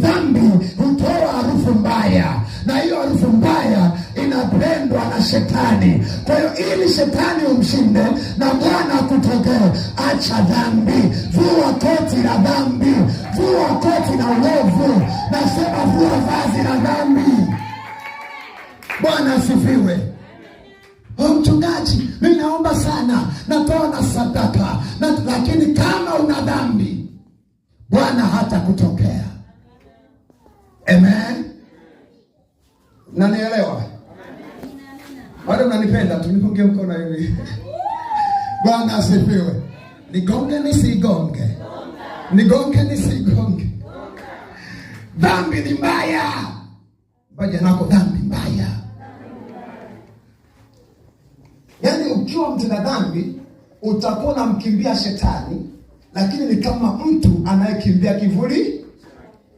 dhambi hutoa harufu mbaya, na hiyo harufu mbaya inapendwa na shetani. Kwa hiyo ili shetani umshinde na Bwana akutokee, acha dhambi, vua koti la dhambi, vua koti la uovu, nasema vua vazi la dhambi. Bwana asifiwe. Mchungaji, mi naomba sana, natoa na sadaka na, lakini kama una dhambi Bwana hata kutokea Amen. Nanielewa? Bado mnanipenda? Tunipungie mkono hivi. Bwana asifiwe. Nigonge nisigonge. Nigonge nisigonge. Dhambi ni mbaya. Paja nako dhambi mbaya. Yaani ukiwa mtenda dhambi utakuwa unamkimbia shetani, lakini ni kama mtu anayekimbia kivuli